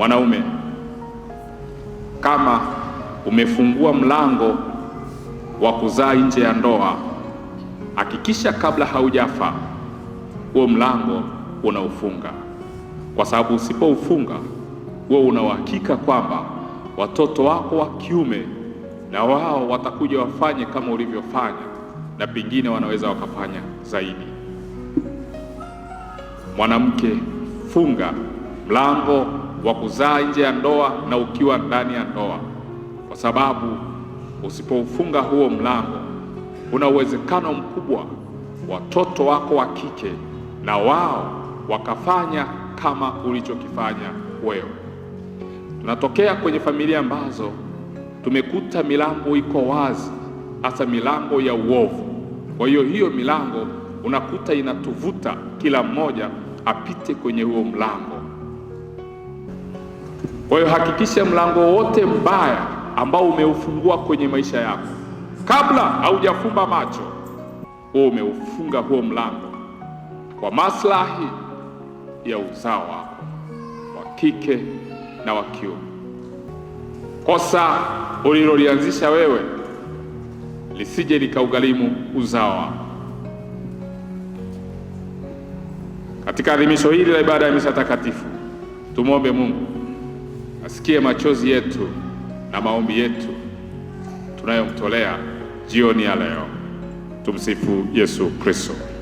Mwanaume, kama umefungua mlango wa kuzaa nje ya ndoa, hakikisha kabla haujafa huo mlango unaufunga, kwa sababu usipoufunga wewe una kwamba watoto wako wa kiume na wao watakuja wafanye kama ulivyofanya, na pengine wanaweza wakafanya zaidi. Mwanamke, funga mlango wa kuzaa nje ya ndoa na ukiwa ndani ya ndoa, kwa sababu usipoufunga huo mlango, kuna uwezekano mkubwa watoto wako wa kike na wao wakafanya kama ulichokifanya wewe. Tunatokea kwenye familia ambazo tumekuta milango iko wazi, hasa milango ya uovu. Kwa hiyo hiyo milango unakuta inatuvuta kila mmoja apite kwenye huo mlango. Kwa hiyo hakikisha mlango wote mbaya ambao umeufungua kwenye maisha yako, kabla haujafumba macho, wewe umeufunga huo mlango kwa maslahi ya uzao wako wa kike na wa kiume. Kosa ulilolianzisha wewe lisije likaugharimu uzao wako. Katika adhimisho hili la ibada ya misa takatifu, tumwombe Mungu asikie machozi yetu na maombi yetu tunayomtolea jioni ya leo. Tumsifu Yesu Kristo.